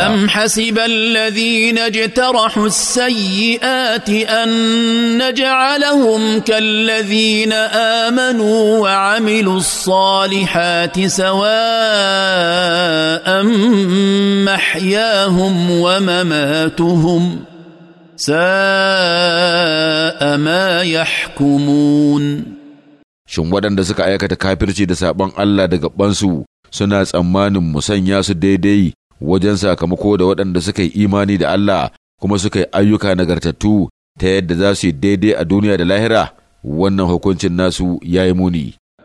أم حسب الذين اجترحوا السيئات أن نجعلهم كالذين آمنوا وعملوا الصالحات سواء محياهم ومماتهم ساء ما يحكمون شن waɗanda suka aikata kafirci da saɓon Allah da gabansu suna tsammanin musanya su daidai wajen sakamako da waɗanda suka yi imani da Allah kuma suka yi ayyuka nagartattu ta yadda za su yi daidai a duniya da lahira wannan hukuncin nasu ya yi muni.